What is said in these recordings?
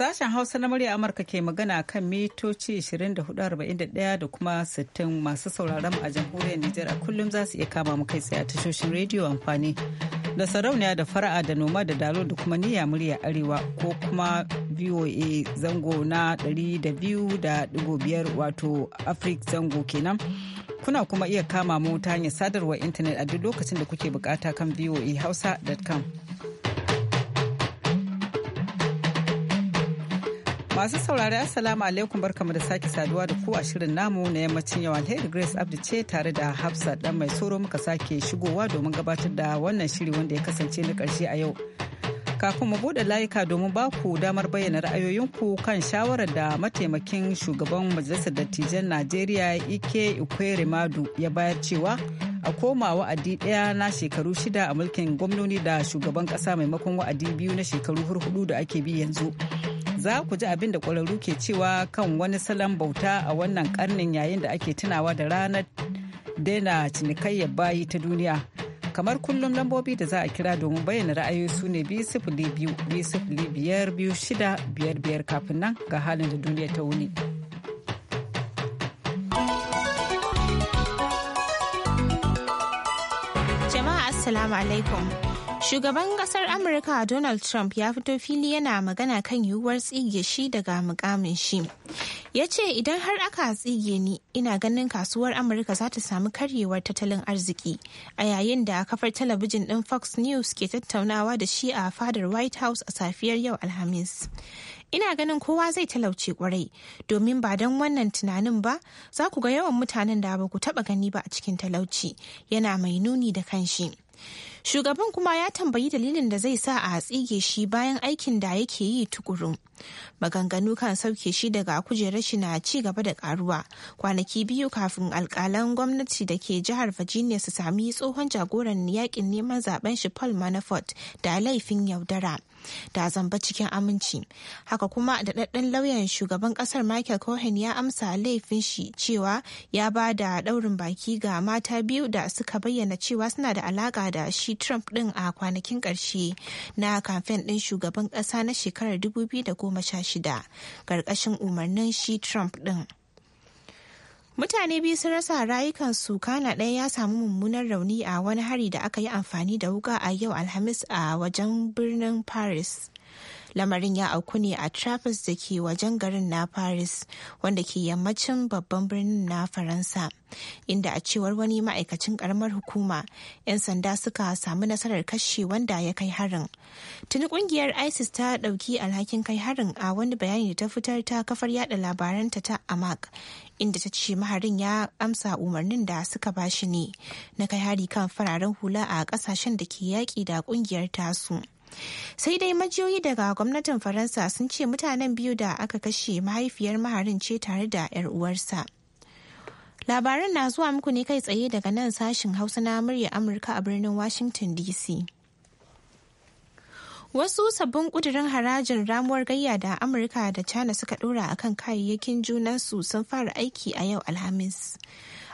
Sashen Hausa na murya Amurka ke magana kan mitoci 24,41 da kuma 60 masu sauraron a jamhuriyar Nijar a kullum za su iya kama mu kai tsaye a tashoshin rediyo amfani da sarauniya da fara'a da noma da dalo da kuma niyya murya arewa ko kuma VOA zango na 200.5 wato Afrik zango kenan. Kuna kuma iya kama mu ta hanyar sadarwar intanet a duk lokacin da kuke bukata kan voahausa.com. Masu saurari Assalamu alaikum barkamu da sake saduwa da ku a shirin namu na yammacin yau alheri Grace Abdi ce tare da Hafsa dan mai soro muka sake shigowa domin gabatar da wannan shiri wanda ya kasance na karshe a yau. Kafin mu bude layuka domin ba ku damar bayyana ra'ayoyinku kan shawarar da mataimakin shugaban Majalisar Dattijan Najeriya Ike Ikwere Madu ya bayar cewa a koma wa'adi ɗaya na shekaru shida a mulkin gwamnoni da shugaban ƙasa maimakon wa'adi biyu na shekaru hurhudu da ake bi yanzu. za ku ji abin da ƙwararru ke cewa kan wani salon bauta a wannan karnin yayin da ake tunawa da ranar daina cinikayyar bayi ta duniya. Kamar kullum lambobi da za a kira domin bayyana ra'ayoyi su ne biyar kafin nan ga halin da duniya ta wuni. Jama'a Assalamu alaikum. Shugaban kasar Amurka Donald Trump ya fito fili yana magana kan yiwuwar tsige shi daga mukamin shi. Ya ce idan har aka tsige ni ina ganin kasuwar Amurka za ta samu karyewar tattalin arziki a yayin da kafar talabijin ɗin Fox News ke tattaunawa da shi a fadar White House a safiyar yau Alhamis. Ina ganin kowa zai talauce kwarai domin ba don wannan tunanin ba za ku ga yawan mutanen da ba ku taɓa gani ba a cikin talauci yana mai nuni da kanshi. Shugaban kuma ya tambayi dalilin da zai sa a tsige shi bayan aikin da yake yi tukuru. Maganganu kan sauke shi daga kujerar shi na ci gaba da karuwa kwanaki biyu kafin alkalan gwamnati da ke jihar Virginia su sami tsohon jagoran yakin neman zaben shi Paul Manafort da laifin yaudara. da zamba cikin aminci haka kuma da daddan lauyan shugaban ƙasar michael cohen ya amsa laifin shi cewa ya ba da ɗaurin baki ga mata biyu da suka bayyana cewa suna da alaƙa da shi shi Trump ɗin a kwanakin ƙarshe na kamfen ɗin shugaban ƙasa na shekarar 2016 ƙarƙashin umarnin shi Trump ɗin. Mutane biyu sun rasa rayukansu kana ɗaya ya samu mummunan rauni a wani hari da aka yi amfani da wuka a yau Alhamis a wajen birnin Paris. lamarin ya auku ne a travis da ke wajen garin na paris wanda ke yammacin babban birnin na faransa inda a cewar wani ma'aikacin karamar hukuma 'yan sanda suka samu nasarar kashe wanda ya kai harin tuni kungiyar isis ta dauki alhakin kai harin a wani bayani da ta fitar ta kafar yada labaranta ta amak inda ta ce maharin ya amsa umarnin da suka bashi ne na kai hari kan fararen hula a kasashen da ke yaƙi da kungiyar tasu. sai dai majiyoyi daga gwamnatin faransa sun ce mutanen biyu da aka kashe mahaifiyar maharin ce tare da 'yar uwarsa labaran na zuwa muku ne kai tsaye daga nan sashin hausa na murya amurka a birnin washington dc Wasu sabbin ƙudirin harajin ramuwar gayya da Amurka da China suka ɗora a kan kayayyakin junansu sun fara aiki a yau Alhamis.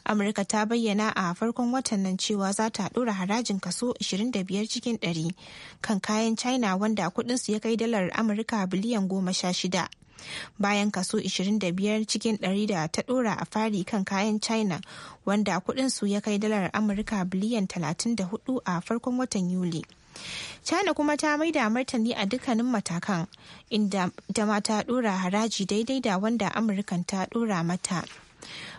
amurka ta bayyana a farkon watan nan cewa za ta ɗora harajin kaso 25 cikin 100 kan kayan china wanda kudinsu ya kai dalar amurka biliyan 16 bayan kaso 25 cikin 100 da ta dora a fari kan kayan china wanda kudinsu ya kai dalar amurka biliyan 34 a farkon watan yuli china kuma ta maida martani a dukkanin matakan inda ta dora haraji daidai da wanda amurkan ta dora mata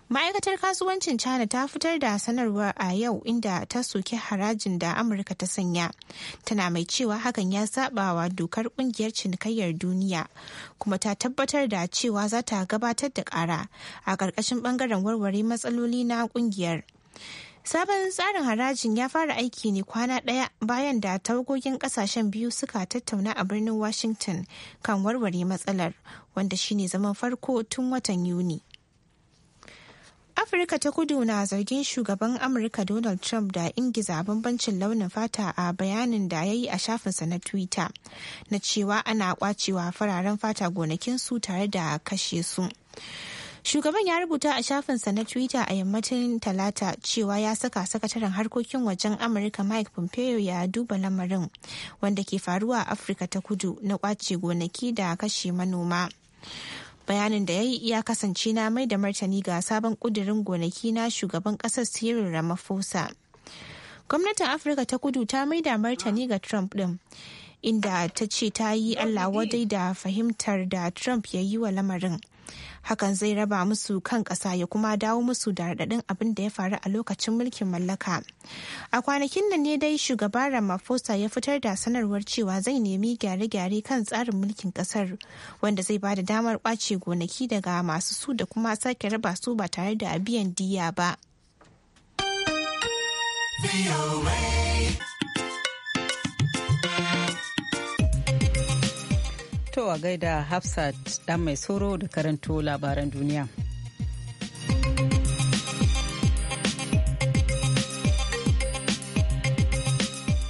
ma'aikatar kasuwancin china ta fitar da sanarwar a yau inda ta soki harajin da amurka ta sanya tana mai cewa hakan ya sabawa dokar kungiyar cinikayyar duniya kuma ta tabbatar da cewa za ta gabatar da kara a ƙarƙashin ɓangaren warware matsaloli na kungiyar Sabon tsarin harajin ya fara aiki ne kwana ɗaya bayan da taugogin ƙasashen biyu suka tattauna a birnin Washington kan warware matsalar, wanda shine zaman farko tun watan Yuni. Afirka ta kudu na zargin shugaban Amurka Donald Trump da ingiza bambancin launin fata a bayanin da ya yi a shafinsa na Twitter na cewa ana kwacewa fararen fata gonakinsu tare da kashe su. Shugaban ya rubuta a shafinsa na Twitter a yammacin Talata cewa ya saka sakataren harkokin wajen Amurka Mike Pompeo ya duba lamarin wanda ke faruwa a Afirka ta kudu na kwace gonaki da kashe manoma. bayanin da ya yi iya kasance na mai da martani ga sabon kudirin gonaki na shugaban kasar Cyril Ramaphosa. Gwamnatin Afirka ta kudu ta mai da martani ga Trump din. Inda ta ce ta yi Allah wadai da fahimtar da Trump ya yi wa lamarin. hakan zai raba musu kan ƙasa ya kuma dawo musu da raɗaɗin abin da ya faru a lokacin mulkin mallaka a kwanakin nan ne dai shugaba ramaphosa ya fitar da sanarwar cewa zai nemi gyare-gyare kan tsarin mulkin ƙasar wanda zai bada damar ƙwace gonaki daga masu su da kuma sake raba su ba tare da biyan diya ba. To a gaida Hafsat dan mai soro da karanto labaran duniya.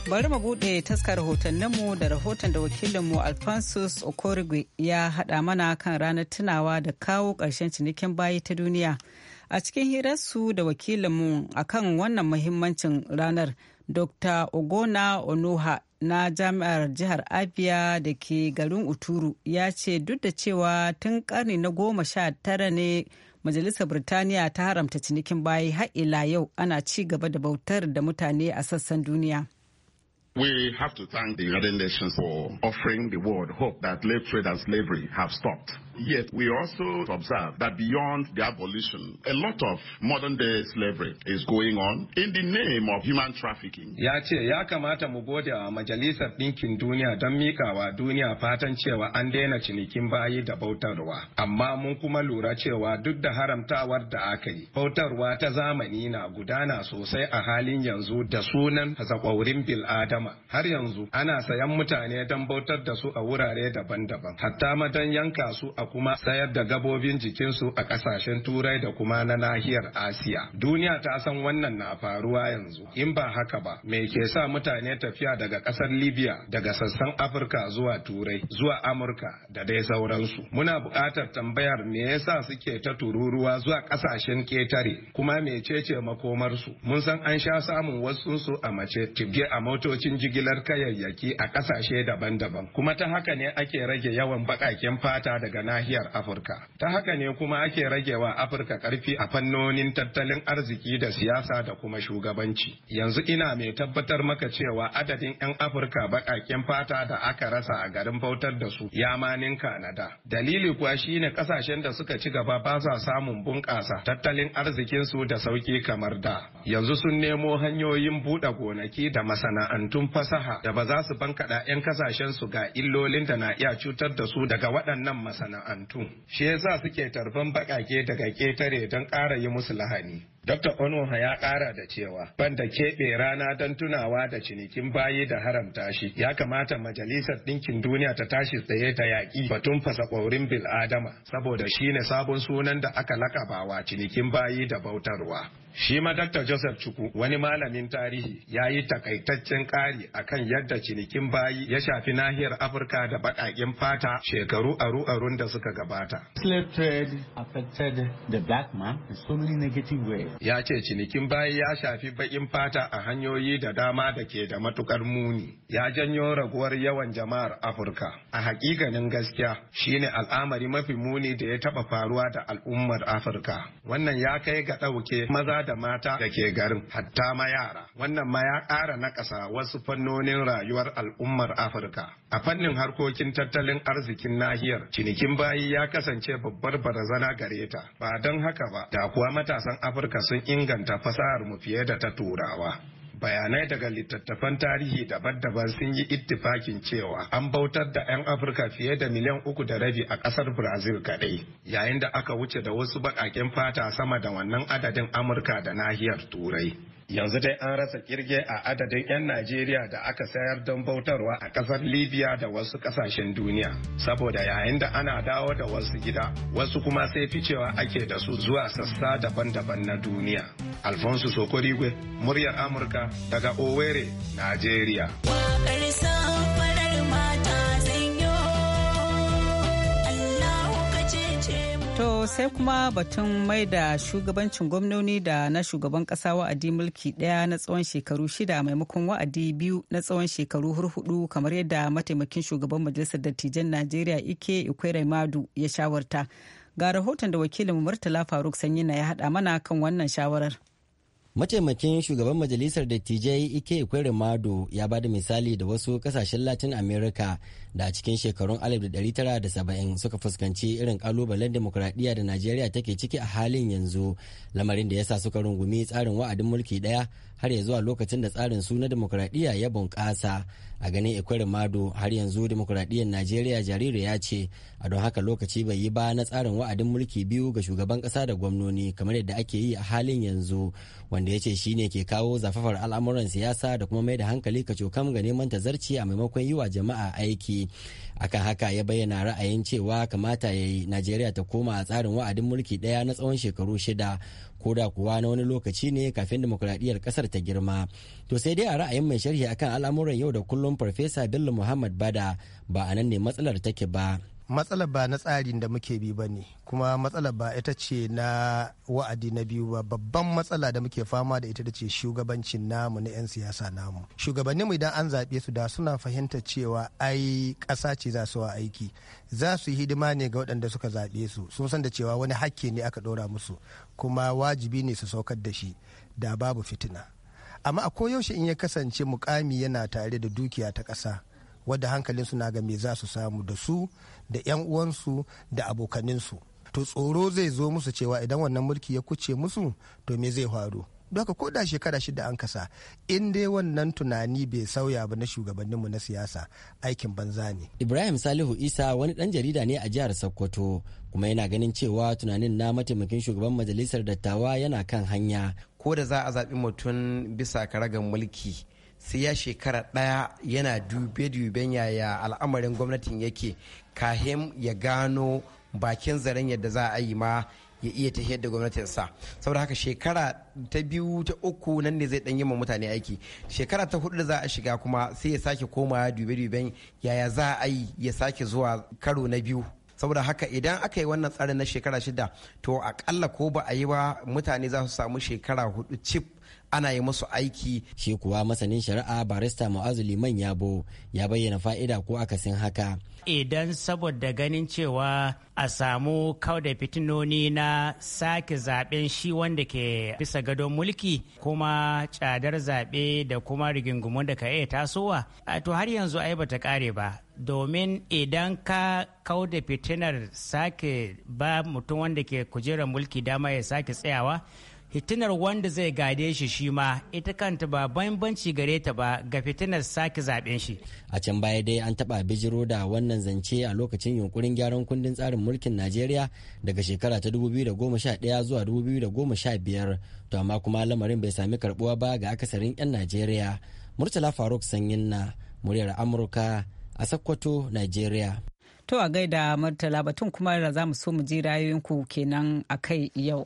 bari mu bude taskar rahotanninmu da rahoton da wakilin mu alphonsus okorigwe ya hada mana kan ranar tunawa da kawo ƙarshen cinikin bayi ta duniya a cikin hirarsu da wakilin mu akan wannan muhimmancin ranar dr ogona onoha na jami'ar jihar abia da ke garin uturu ya ce duk da cewa tun karni na goma sha tara ne majalisar birtaniya ta haramta cinikin bayi har ila yau ana ci gaba da bautar da mutane a sassan duniya We have to thank the United Nations for offering the world hope that slave trade and slavery have stopped. Yet we also observe that beyond the abolition, a lot of modern day slavery is going on in the name of human trafficking. Ya ce ya kamata mu gode wa Majalisar Ɗinkin Duniya don mikawa duniya fatan cewa an daina cinikin bayi da bautarwa. Amma mun kuma lura cewa duk da haramtawar da aka yi, bautarwa ta zamani na gudana sosai a halin yanzu da sunan bil adama. Har yanzu ana sayan mutane don bautar da su a wurare daban-daban, hatta madan yanka su a kuma sayar da gabobin jikinsu a kasashen turai da kuma na nahiyar asiya duniya ta san wannan na faruwa yanzu in ba haka ba me ke sa mutane tafiya daga kasar libya daga sassan afirka zuwa turai zuwa amurka da dai sauransu muna buƙatar tambayar me yasa suke ta tururuwa zuwa kasashen ketare kuma mecece makomarsu mun san an sha samun wasunsu a mace tibge a motocin jigilar kayayyaki a kasashe daban-daban kuma ta haka ne ake rage yawan baƙaƙen fata daga nahiyar Afirka. Ta haka ne kuma ake ragewa Afirka karfi a fannonin tattalin arziki da siyasa da kuma shugabanci. Yanzu ina mai tabbatar maka cewa adadin 'yan Afirka baƙaƙen fata da aka rasa a garin bautar da su ya manin Kanada. Dalili kuwa ne ƙasashen da suka ci gaba ba sa samun bunƙasa tattalin arzikinsu da sauƙi kamar da. Yanzu sun nemo hanyoyin buɗe gonaki da masana'antun fasaha da ba za su bankaɗa 'yan kasashen su ga illolin da na iya cutar da su daga waɗannan masana'antu. masana'antu shi yasa suke tarban baƙaƙe daga ƙetare don ƙara yi musu lahani Dr. Onoha ya ƙara da cewa banda keɓe rana don tunawa da cinikin bayi da haramta shi ya kamata majalisar ɗinkin duniya ta tashi tsaye ta yaƙi batun fasa ƙwaurin adama, saboda shi ne sabon sunan da aka lakabawa cinikin bayi da bautarwa. Shi ma Dr. Joseph Chukwu wani malamin tarihi ya yi takaitaccen ƙari akan yadda cinikin bayi ya shafi nahiyar Afirka da baƙaƙen fata shekaru aru-arun da suka gabata. Slave trade affected the black man in so many negative ways. ya ce cinikin bayi ya shafi baƙin fata a hanyoyi da dama da ke da matukar muni ya janyo raguwar yawan jama'ar afirka a hakikanin gaskiya shine al'amari mafi muni da ya taɓa faruwa da al'ummar afirka wannan ya kai ga ɗauke maza da mata da ke garin hatta ma yara wannan ma ya ƙara naƙasa wasu fannonin rayuwar al'ummar afirka A fannin harkokin tattalin arzikin nahiyar, cinikin bayi ya kasance babbar barazana gare ta, ba don haka ba, da kuwa matasan Afirka sun inganta fasahar mu fiye da ta Turawa. Bayanai daga littattafan tarihi daban-daban sun yi ittifakin cewa an bautar da 'yan Afirka fiye da miliyan uku da rabi a ƙasar Brazil kaɗai, yayin da aka wuce da wasu baƙaƙen fata sama da wannan adadin Amurka da nahiyar Turai. yanzu dai an rasa kirge a adadin 'yan najeriya da aka sayar don bautarwa a kasar libya da wasu kasashen duniya saboda yayin da ana dawo da wasu gida wasu kuma sai ficewa ake da su zuwa sassa daban-daban na duniya alfonso sokorigwe muryar amurka daga owerri najeriya To sai kuma batun mai da shugabancin gwamnoni da na shugaban kasa wa'adi mulki ɗaya na tsawon shekaru shida maimakon wa'adi biyu na tsawon shekaru hurhudu kamar yadda mataimakin shugaban majalisar dattijan Najeriya Ike Ikwere Madu ya shawarta. Ga rahoton da wakilin Murtala Faruk Sanyi na ya haɗa mana kan wannan shawarar. mataimakin shugaban majalisar dattijai ike kwere mado ya ba da misali da wasu kasashen latin america da a cikin shekarun 1970 suka fuskanci irin kalubalen demokuraɗiyya da najeriya take ciki a halin yanzu lamarin da ya sa suka rungumi tsarin wa'adin mulki ɗaya har ya zuwa lokacin da tsarin su na demokuraɗiyya ya bunƙasa a ganin ikwari mado har yanzu demokuraɗiyyar najeriya jariri ya ce a don haka lokaci bai yi ba na tsarin wa'adin mulki biyu ga shugaban ƙasa da gwamnoni kamar yadda ake yi a halin yanzu wanda ya ce shi ne ke kawo zafafar al'amuran siyasa da kuma mai da hankali ka cokam ga neman zarci a maimakon yi wa jama'a aiki akan haka ya bayyana ra'ayin cewa kamata ya yi najeriya ta koma a tsarin wa'adin mulki ɗaya na tsawon shekaru shida ko da kuwa na wani lokaci ne kafin demokuraɗiyyar ƙasar ta girma to sai dai a ra'ayin mai sharhi akan al'amuran yau da kullum farfesa bello muhammad bada ba a nan ne matsalar take ba matsalar ba na tsarin da muke bi ba ne kuma matsalar ba ita ce na wa'adi na biyu ba babban matsala da muke fama da ita da ce shugabancin namu na 'yan siyasa namu mu idan an zaɓe su da suna fahimta cewa ai ƙasa ce za su wa aiki za su yi hidima ne ga waɗanda suka zaɓe su sun san da cewa wani hakki ne aka ɗora musu kuma wajibi ne su saukar da shi da babu fitina amma a koyaushe in ya kasance mukami yana tare da dukiya ta ƙasa wadda hankalinsu na ga me za su samu da su da 'yan uwansu da abokaninsu to tsoro zai zo musu cewa idan wannan mulki ya kuce musu to me zai faru doka ko da shekara shida an kasa in dai wannan tunani bai sauya ba na shugabanninmu na siyasa aikin banza ne. Ibrahim Salihu Isa wani dan jarida ne a jihar Sokoto kuma yana ganin cewa tunanin na mataimakin shugaban majalisar dattawa yana kan hanya. Ko da za a zaɓi mutum bisa karagan mulki sai ya shekara ɗaya yana dube-duben yaya al'amarin gwamnatin yake Kahim ya gano bakin zaren yadda za a yi ma ya iya ta da gwamnatin sa. saboda haka shekara ta biyu ta uku nan ne zai yi ma mutane aiki shekara ta hudu da za a shiga kuma sai ya sake komawa dube-duben yaya za a yi ya sake zuwa karo na biyu saboda haka idan aka yi wannan tsarin na shekara shida to akalla ko ba a yi ba mutane za su samu shekara hudu cif ana yi musu aiki shi kuwa masanin shari'a barista mu'azu liman yabo ya bayyana fa'ida ko akasin haka idan saboda ganin cewa a samu da fitinoni na sake zaben shi wanda ke bisa gadon mulki kuma tsadar zaɓe da kuma rigingumun da ka iya tasowa to har yanzu ai bata kare ba domin idan ka da fitinar sake ba mutum wanda ke kujerar mulki dama ya sake tsayawa fitinar wanda zai gade shi shi ma ita kanta ba bambanci gare ta ba ga fitinar sake zaben shi a can baya dai an taba bijiro da wannan zance a lokacin yunkurin gyaran kundin tsarin mulkin najeriya daga shekara ta 2011 zuwa 2015 to amma kuma lamarin bai sami karbuwa ba ga akasarin 'yan najeriya murtala faruk sanyin na muryar amurka a Sokoto, najeriya to a gaida murtala batun kuma da za mu so mu ji ku kenan a kai yau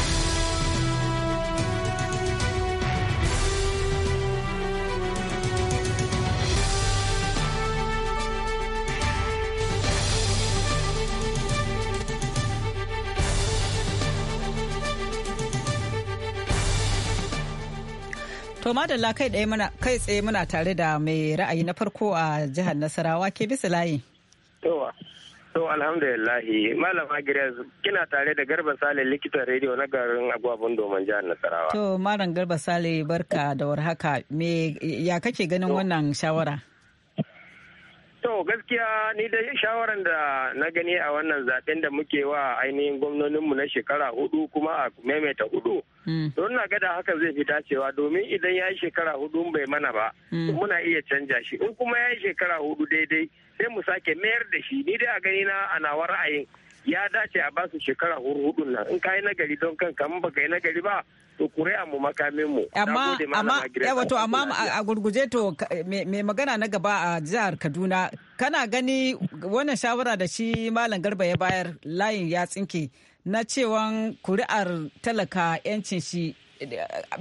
To madalla kai tsaye muna tare da mai ra'ayi na farko a jihar Nasarawa ke bisa layi. To To alhamdulillahi Malama giras kina tare da Garba Sale likitan rediyo na garin Agwabun Domin jihar Nasarawa. To Malam Garba Sale barka da warhaka me ya kake ganin wannan shawara? To gaskiya ni dai shawaran da na gani a wannan zaɓen da muke wa ainihin gwamnoninmu na shekara hudu kuma a maimaita hudu. Don hmm. na gada haka zai fi dacewa domin idan ya yi shekara hudu bai mana ba, hmm. muna iya canja shi. In kuma ya yi shekara hudu daidai sai mu sake mayar da shi. Ni dai a gani na a wa ra'ayin ya dace a basu shekara hurhudun nan in ka yi nagari don kanka in baka yi nagari ba to kure mu makamin mu amma amma yawa wato amma a gurguje to me magana na gaba a jihar Kaduna kana gani wannan shawara da shi malam Garba ya bayar layin ya tsinke na cewan kuri'ar talaka yancin shi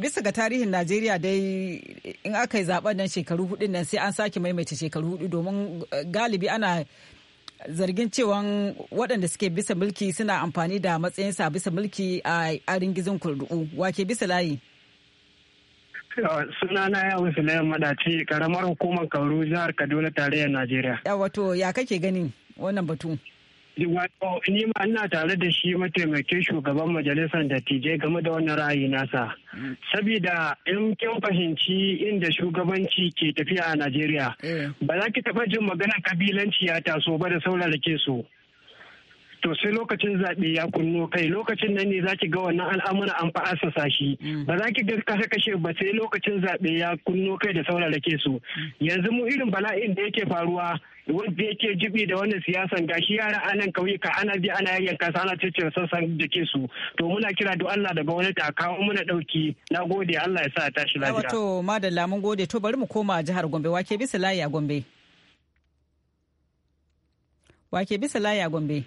bisa ga tarihin najeriya dai in aka yi zaben nan shekaru hudu nan sai an sake maimaita shekaru hudu domin eh, galibi ana zargin cewa waɗanda suke bisa mulki suna amfani da matsayin sa bisa mulki a arin gizon kurdu'u wake bisa layi sunana ya wuce layan madaci karamar hukumar kauru jihar kaduna tarayyar najeriya ya wato ya kake gani wannan batu Wato ni ma ina tare da shi mataimakin shugaban majalisar dattijai game da wannan ra'ayi nasa. Mm. Sabida in kin fahimci inda shugabanci ke tafiya a Najeriya, eh. ba za ki taɓa jin magana kabilanci ya taso ba da saurara ke so. to sai lokacin zaɓe ya kunno kai lokacin nan ne za ki ga wannan al'amura an fa asasa shi mm. ba za ki ga kasa kashe ba sai lokacin zaɓe ya kunno kai da ke su mm. yanzu mu irin bala'in da yake faruwa wanda yake jibi da wannan siyasan gashi yara anan kauyuka ana bi ana yayyan kasa ana cece sassan da ke su to muna kira da Allah da wani ta kawo muna dauki na gode Allah ya sa tashi lafiya wato madalla mun gode to bari mu koma jihar Gombe wake bisa layi a Gombe wake bisa layi Gombe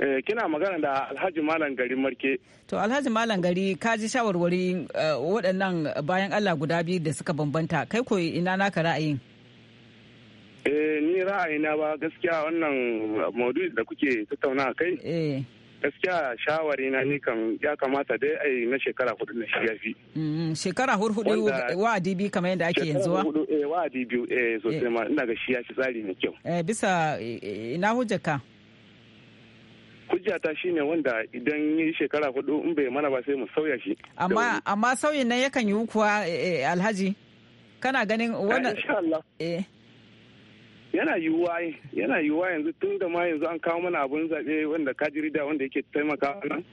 Eh, kina magana da alhaji malam gari marke to alhaji malam gari ka ji shawarwari eh, waɗannan bayan allah guda biyu da suka bambanta kai ko ina naka ra'ayin eh ni ra'ayina ba gaskiya wannan maudu'i da kuke tattauna kai eh. gaskiya shawari na ni kan ya kamata dai a na shekara hudu na shiga fi mm-hmm. shekara hudu wa adibi kamar yadda ake yanzu wa wa adibi eh sosai ma ina ga shi ya fi tsari ne kyau bisa ina hujjaka ta shine wanda idan yi shekara hudu in bai mana ba sai mu sauya shi amma amma sauyin nan yakan yi kuwa eh, eh, alhaji kana ganin ah, wannan insha Allah eh yana yiwuwa yana yiwuwa yanzu tun da ma yanzu an kawo mana abun zaɓe wanda ka da wanda yake taimaka nan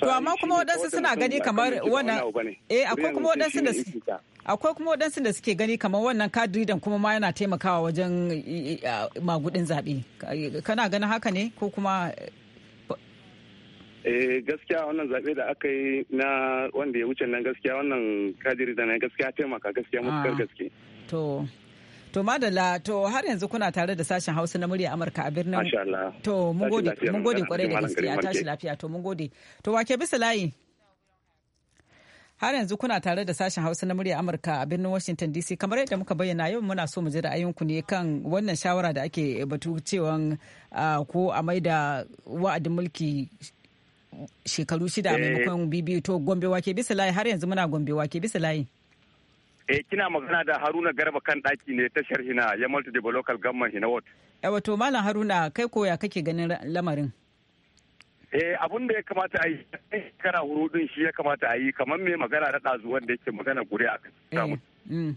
to amma kuma wadansu suna gani kamar wannan eh akwai kuma wadansu da akwai kuma wadansu da suke gani kamar wannan kadiridan kuma ma yana taimakawa wajen eh, ah, magudin zaɓe kana ganin haka ne ko kuma eh gaskiya wannan zaɓe da aka yi na wanda ya wuce nan gaskiya wannan kadiri da na gaskiya taimaka gaskiya mutukar ah. gaske to to madalla to har yanzu kuna tare da sashen hausa na murya amurka a birnin to mun gode mun gode kwarai da gaskiya tashi lafiya to mun gode to wake bisa layi har yanzu kuna tare da sashen hausa na murya amurka a birnin washington dc kamar yadda muka bayyana yau muna so mu ji ra'ayinku ne kan wannan shawara da ake batu cewa ah, ko a maida wa'adin mulki shekaru shida a maimakon eh. bibiyu to gombe wake bisa layi har yanzu muna gombe wake bisa layi eh kina magana da haruna garba kan daki ne tashar hina ya multi da local government hina ward eh wato malam haruna kai koya kake ganin lamarin eh abun da ya kamata a yi eh, shekara huru din shi ya kamata a yi kamar mai magana da ɗazu wanda yake magana guri a kan eh, mm.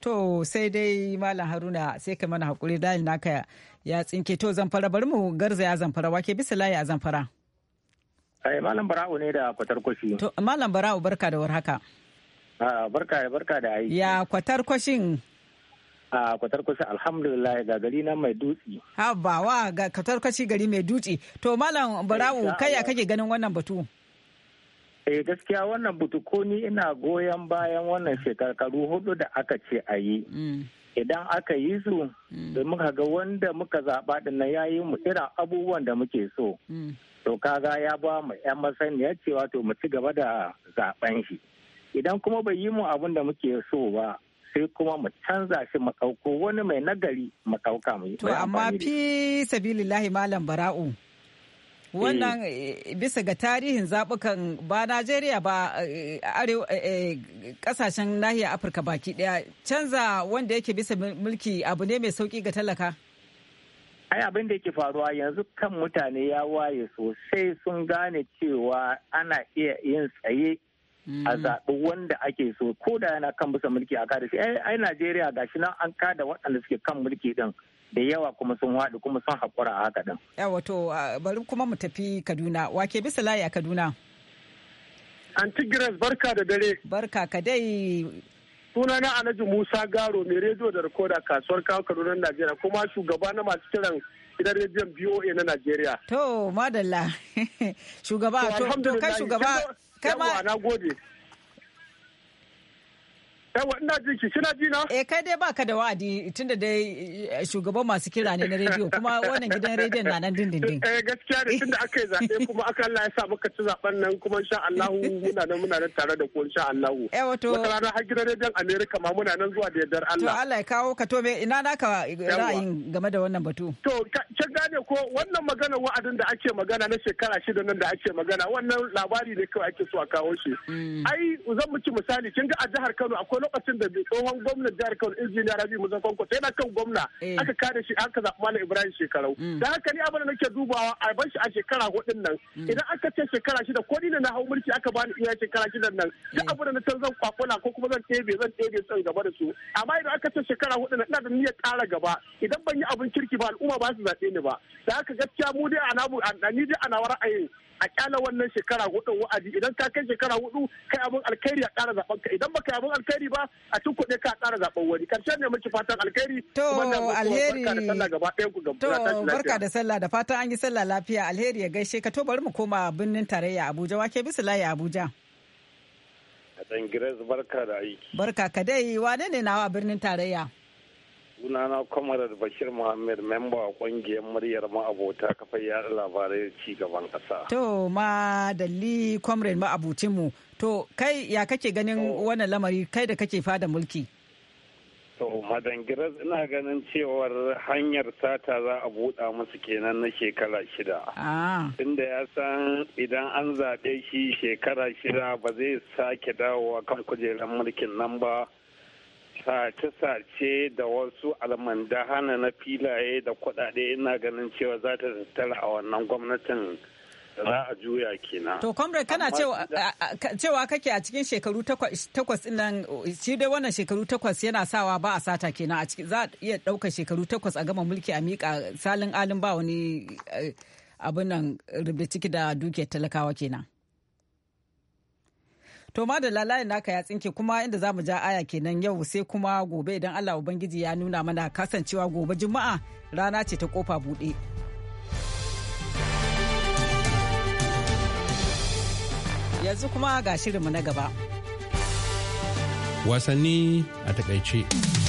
To sai dai Malam Haruna sai ka mana hakuri dalil naka ya tsinke to zamfara bari mu garzaya zamfara wake bisa layi a zamfara. Eh, Malam Bara'u ne da kwatarkwashi. kwashi. Malam Bara'u barka da warhaka. Ah, barka da barka da aiki. Ya kwatarkwashin? A ah, kwatarkwashi alhamdulillah ga gari na mai dutse. ba wa ga kwatarkwashi gari mai dutse. To, Malam eh, Bara'u kai ya kake ganin wannan batu? Eh gaskiya wannan batu ko ni ina goyon bayan wannan shekaru hudu da aka ce a yi. Mm. idan aka yi su mm. da muka ga wanda muka zaɓa da na yayi mu irin abubuwan da muke so mm. to kaga ya ba mu 'yan masaniya cewa to mu ci gaba da zaben shi idan kuma bai yi mu abin da muke so ba sai kuma mu canza shi mu ɗauko wani mai nagari mu ɗauka mu to amma fi sabilillahi malam bara'u wannan eh. Eh, bisa ga tarihin zabukan ba najeriya ba kasashen eh, nahiyar afirka baki daya canza wanda yake bisa mulki abu ne mai sauki ga talaka ai abin da yake faruwa yanzu kan mutane ya waye sosai sun gane cewa ana iya yin tsaye a mm. zaɓi wanda ake so ko da yana kan bisa mulki a kada shi ai najeriya gashi nan an kada waɗanda suke kan mulki din da yawa kuma sun haɗu kuma sun haƙura a haka din yawa to bari kuma mu tafi kaduna wake bisa layi a kaduna antigras barka da dare barka ka dai suna na alhaji musa garo mai rediyo da rikoda kasuwar kawo kaduna najeriya kuma shugaba na masu kiran gidan rediyon boa na najeriya to madalla shugaba to kai shugaba kai ma na gode ina jin shi kina ji na? Eh kai dai baka da wa'adi tunda dai eh, shugaban masu kira ne na rediyo kuma wannan gidan rediyon na nan dindindin. Eh gaskiya ne tunda aka yi zaɓe kuma aka Allah ya sa muka ci zaɓen nan kuma insha Allah muna nan muna nan tare da ku insha Allah. Eh wato wata rana har gidan rediyon America ma muna nan zuwa da yardar Allah. To Allah ya kawo ka to me ina naka ra'ayin game da wannan batu? To kin gane ko wannan magana wa'adin da ake magana na shekara shida nan da ake magana wannan labari ne kawai ake so a kawo shi. Mm. Ai zan miki misali kin ga a jihar Kano akwai lokacin da tsohon gwamnan jihar Kano injiniya Rabi mu Kwanko sai na kan gwamna eh. aka kare shi aka zaɓi Malam Ibrahim Shekarau mm. da haka ni abin da nake dubawa a bar shi a shekara hudun nan mm. idan aka ce shekara shida ko dina na hau mulki aka bani iya shekara shida nan duk eh. abin da na san zan kwakwala ko kuma zan tebe zan tebe san gaba da su amma idan aka ce shekara hudu nan ina da niyyar ƙara gaba idan ban yi abin kirki ba al'umma ba su zaɓe ni ba da haka gaskiya mu dai a ni dai a nawa ra'ayin a kyala wannan shekara hudu wa'azi idan ka kai shekara hudu kai abin alkhairi a kara zaben ka idan baka abin alkhairi ba a tun kuɗe ka kara zaben wani karshen ne miki fatan alkhairi to alheri to barka da sallah da fatan an yi sallah lafiya alheri ya gaishe ka to bari mu koma birnin tarayya Abuja wake bisu layi Abuja Dan Grace barka da aiki. Barka ka dai wane ne nawa birnin tarayya? sunana kwamarar bashir muhammad memba kungiyar muryar ma'abota kafar yaɗa labarai ci gaban ƙasa. to ma dalli kwamred ma'abotinmu, to kai ya kake ganin wannan lamari kai da kake fada mulki to madangirar ina ganin cewar hanyar sata za a buɗa musu kenan na shekara shida inda ah. ya san idan an zaɓe shi shekara shida ba zai sake dawowa kan kujerar mulkin nan ba sace-sace da wasu almanda, hana na filaye da kuɗaɗe ina ganin cewa za ta tattara a wannan gwamnatin za a juya kenan. To, Comrade, kana cewa kake a cikin shekaru takwas nan shi dai wannan shekaru takwas yana sawa ba a sata kenan a cikin za a iya ɗauka shekaru takwas a gama mulki a miƙa salin alin ba wani eh, abin nan rubda ciki da dukiyar talakawa kenan. To ma da lalayin naka ya tsinke kuma inda za mu ja aya kenan yau sai kuma gobe idan Allah Ubangiji ya nuna mana kasancewa gobe Juma'a rana ce ta kofa buɗe. Yanzu kuma ga shirinmu na gaba. Wasanni a takaice.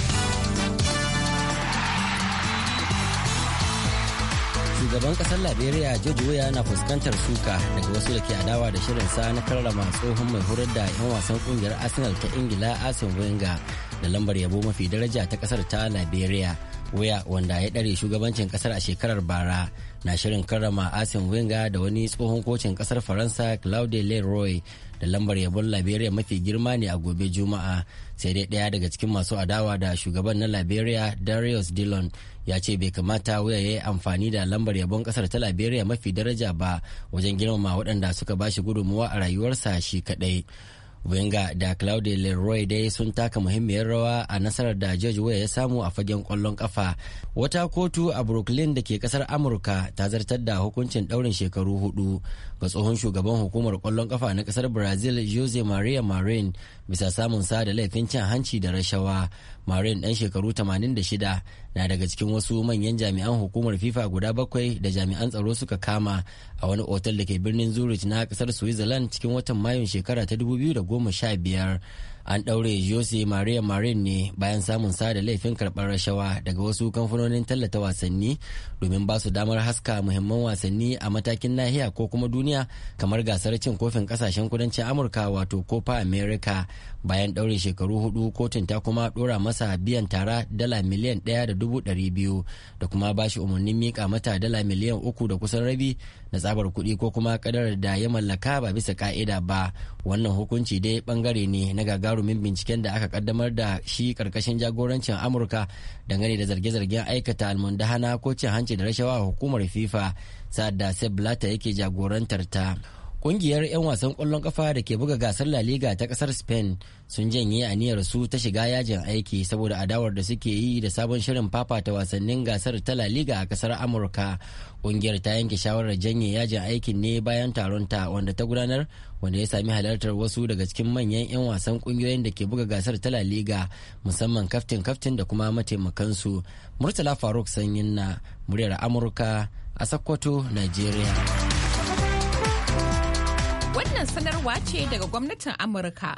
shugaban kasar liberia george weah na fuskantar suka daga wasu da ke adawa da shirin sa na karrama tsohon mai horar da 'yan wasan kungiyar arsenal ta ingila arsene wenger da lambar yabo mafi daraja ta kasar ta liberia weah wanda ya dare shugabancin kasar a shekarar bara na shirin karrama arsene wenger da wani tsohon kocin kasar faransa claude leroy da lambar yabon liberia mafi girma ne a gobe juma'a sai dai ɗaya daga cikin masu adawa da shugaban na liberia darius dillon ya ce bai kamata waya ya yi amfani da lambar yabon kasar ta liberia mafi daraja ba wajen girmama waɗanda suka ba shi gudunmuwa a rayuwarsa shi kaɗai Wenger da Claude Leroy dai sun taka muhimmiyar rawa a nasarar da George waya ya samu a fagen kwallon ƙafa. Wata kotu a Brooklyn da ke kasar Amurka ta zartar da hukuncin daurin shekaru hudu ga tsohon shugaban hukumar kwallon ƙafa na kasar Brazil Jose Maria Marin bisa samun sa da laifin cin hanci da rashawa marin dan shekaru 86 na daga cikin wasu manyan jami'an hukumar fifa guda bakwai da jami'an tsaro suka kama a wani otal da ke birnin zurich na kasar switzerland cikin watan mayun shekara ta 2015 an ɗaure jose maria marin ne bayan samun sada laifin karɓar rashawa daga wasu kamfanonin tallata wasanni domin ba su damar haska muhimman wasanni a matakin nahiya ko kuma duniya kamar gasar cin kofin kasashen kudancin amurka wato copa america bayan ɗaure shekaru hudu kotun ta kuma ɗora masa biyan tara dala miliyan ɗaya da dubu ɗari biyu da kuma ba shi umarnin miƙa mata dala miliyan uku da kusan rabi na tsabar kuɗi ko kuma kadarar da ya mallaka ba bisa ka'ida ba wannan hukunci dai bangare ne na gagaru gagarumin binciken da aka kaddamar da shi karkashin jagorancin amurka dangane da zarge-zargen aikata almundahana ko cin hanci da rashawa hukumar fifa sa'ad da blatter yake jagorantar ta Kungiyar 'yan wasan kwallon kafa da ke buga gasar La Liga ta kasar Spain sun janye aniyar su ta shiga yajin aiki saboda adawar da suke yi da sabon shirin fafata wasannin gasar ta La Liga a kasar Amurka. Kungiyar ta yanke shawarar janye yajin aikin ne bayan taron ta wanda ta gudanar wanda ya sami halartar wasu daga cikin manyan 'yan wasan kungiyoyin da ke buga gasar ta La Liga musamman kaftin kaftin da kuma mataimakansu. Murtala Faruk Sanyin na muryar Amurka a Sokoto, Nigeria. Wannan sanarwa ce daga gwamnatin Amurka.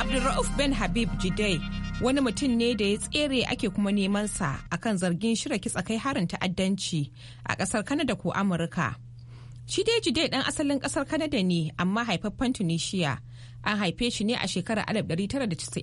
Abdulrauf Ben Habib Jidai wani mutum ne da ya tsere ake kuma neman sa akan zargin shirya kitsa kai harin ta'addanci a kasar Kanada ko Amurka. Shi dai Jidai ɗan asalin kasar Kanada ne amma haifaffen Tunisia. An haife shi ne a shekarar 1995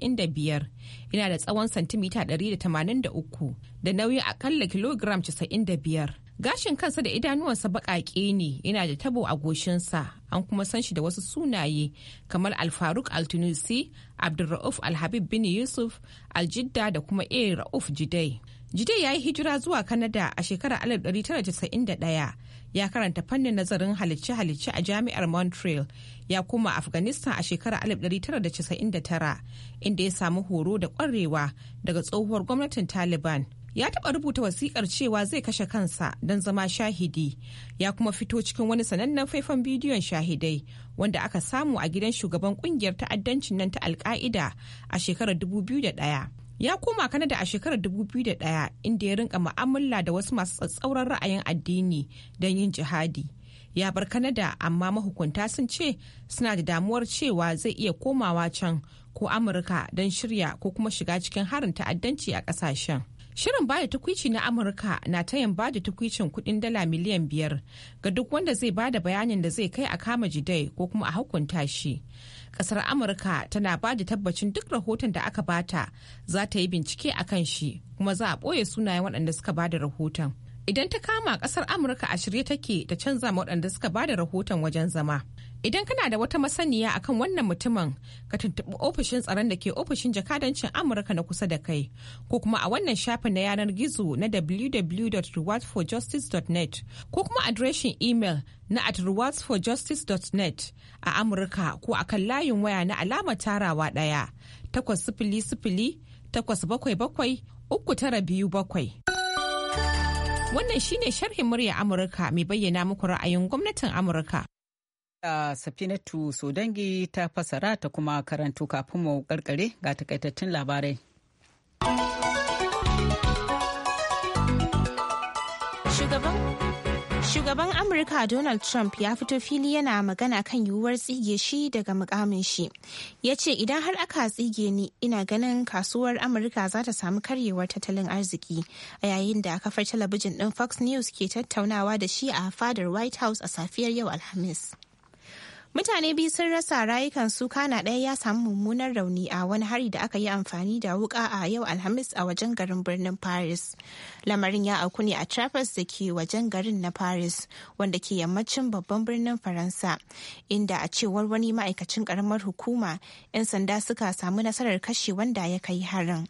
yana da tsawon santimita 183 da nauyin akalla kilogiram 95. gashin kansa da idanuwansa baƙaƙe ne yana da tabo a goshinsa an kuma san shi da wasu sunaye kamar alfaruk altunusi abdulra'uf alhabib bin yusuf aljidda da kuma a ra'uf jidai jidai ya yi hijira zuwa kanada a shekarar 1991 ya karanta fannin nazarin halicce-halicce a jami'ar montreal ya koma afghanistan a shekarar 1999 inda ya samu horo da kwarewa daga tsohuwar gwamnatin taliban ya taɓa rubuta wasikar cewa zai kashe kansa don zama shahidi ya kuma fito cikin wani sanannen faifan bidiyon shahidai wanda aka samu a gidan shugaban kungiyar ta'addancin nan ta alka'ida a shekarar 2001 ya koma kanada a shekarar 2001 inda ya rinka mu'amala da wasu masu tsatsauran ra'ayin addini don yin jihadi ya bar kanada amma mahukunta sun ce suna da damuwar cewa zai iya komawa can ko amurka don shirya ko kuma shiga cikin harin ta'addanci a kasashen. Shirin bada tukwici na Amurka na yin bada tukwicin kudin dala miliyan biyar ga duk wanda zai bada bayanin da zai kai a kama jidai ko kuma a hukunta shi. Kasar Amurka tana bada tabbacin duk rahoton da aka bata za ta yi bincike a kan shi kuma za a ɓoye sunayen waɗanda suka bada rahoton. Idan ta kama kasar Amurka a shirye take ta canza waɗanda suka bada rahoton wajen zama. Idan kana da wata masaniya akan wannan mutumin, ka tuntuɓi ofishin tsaron da ke ofishin jakadancin Amurka na kusa da kai, ko kuma a wannan shafin na yanar gizo na www.rewardforjustice.net ko kuma adireshin email na at rewardsforjustice.net a Amurka ko a kan layin waya na alamar tarawa ɗaya takwas sifili sifili takwas bakwai bakwai uku tara bakwai. Wannan shine sharhin murya Amurka mai bayyana muku ra'ayin gwamnatin Amurka. da Safinatu Sodangi ta fasara ta kuma karantu kafin mu karkare ga takaitattun labarai. Shugaban Amurka Donald Trump ya fito fili yana magana kan yiwuwar tsige shi daga mukamin shi. Ya ce idan har aka tsige ni ina ganin kasuwar Amurka za ta samu karyewar tattalin arziki a yayin da kafar talabijin ɗin Fox News ke tattaunawa da shi a fadar White House a safiyar yau Alhamis. mutane biyu sun rasa rayukan su kana ɗaya ya samu mummunar rauni a wani hari da aka yi amfani da wuka a yau alhamis a wajen garin birnin paris lamarin ya auku ne a trappers da ke wajen garin na paris wanda ke yammacin babban birnin faransa inda a cewar wani ma'aikacin ƙaramar hukuma 'yan sanda suka samu nasarar kashe wanda ya kai harin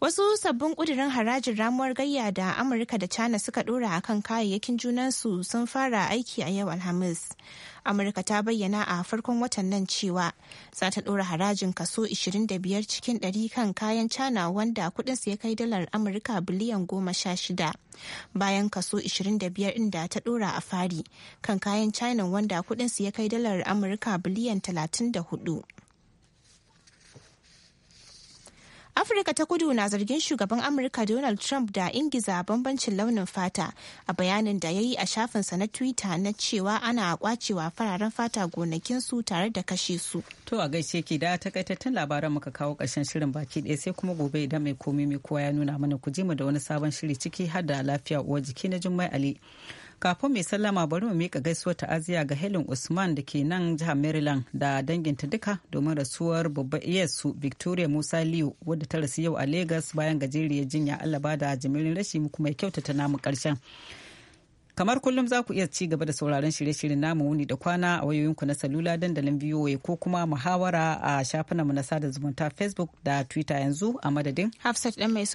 Wasu sabbin ƙudurin harajin ramuwar gayya da Amurka da China suka ɗora a kan kayayyakin junansu sun fara aiki a yau Alhamis. Amurka ta bayyana a farkon watan nan cewa za ta ɗora harajin kaso 25 cikin 100 kan kayan China wanda kuɗinsu ya kai dalar Amurka biliyan 16 bayan kaso 25 inda ta ɗora a fari kan kayan China wanda kuɗinsu ya kai dalar Amurka biliyan 34. Afirka ta kudu na zargin shugaban Amurka Donald Trump da ingiza bambancin launin fata a bayanin da ya yi a shafinsa na Twitter na cewa ana kwacewa fararen fata gonakinsu tare da kashe su. To a gaishe ki da takaitattun labaran muka kawo ƙarshen shirin baki ɗaya sai kuma gobe idan mai komai mai kowa ya nuna mana ku ji mu da wani sabon shiri ciki har da lafiya uwar jiki na Jummai Ali. kafin mai sallama bari mu mika gaisuwar ta'aziya ga helen usman da ke nan jihar maryland da danginta duka domin rasuwar babba iyarsu victoria musa liu wadda ta rasu yau a lagos bayan gajeriyar jinya allah ba da jimirin rashi mu kuma ya kyautata namu karshen Kamar kullum za ku iya ci gaba da sauraron shirye-shiryen namu wuni da kwana a wayoyinku na salula dandalin VOA ko kuma muhawara a mu na sada zumunta Facebook da Twitter yanzu a madadin. Hafsat ɗan mai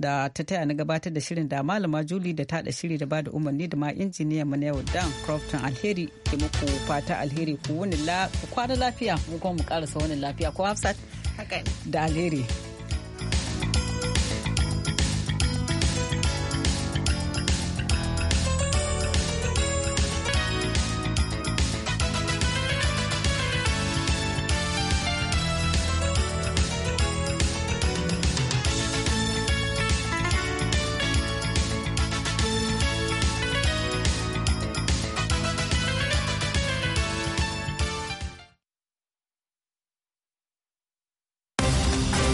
Da ta taya na gabatar da shirin da malama juli da ta da shiri da bada umarni da ma injiniyan mu na yau Dan Crofton Alheri ke muku fata alheri ku ku kwana lafiya mu kuma mu karasa wani lafiya ko Hafsat. Da alheri.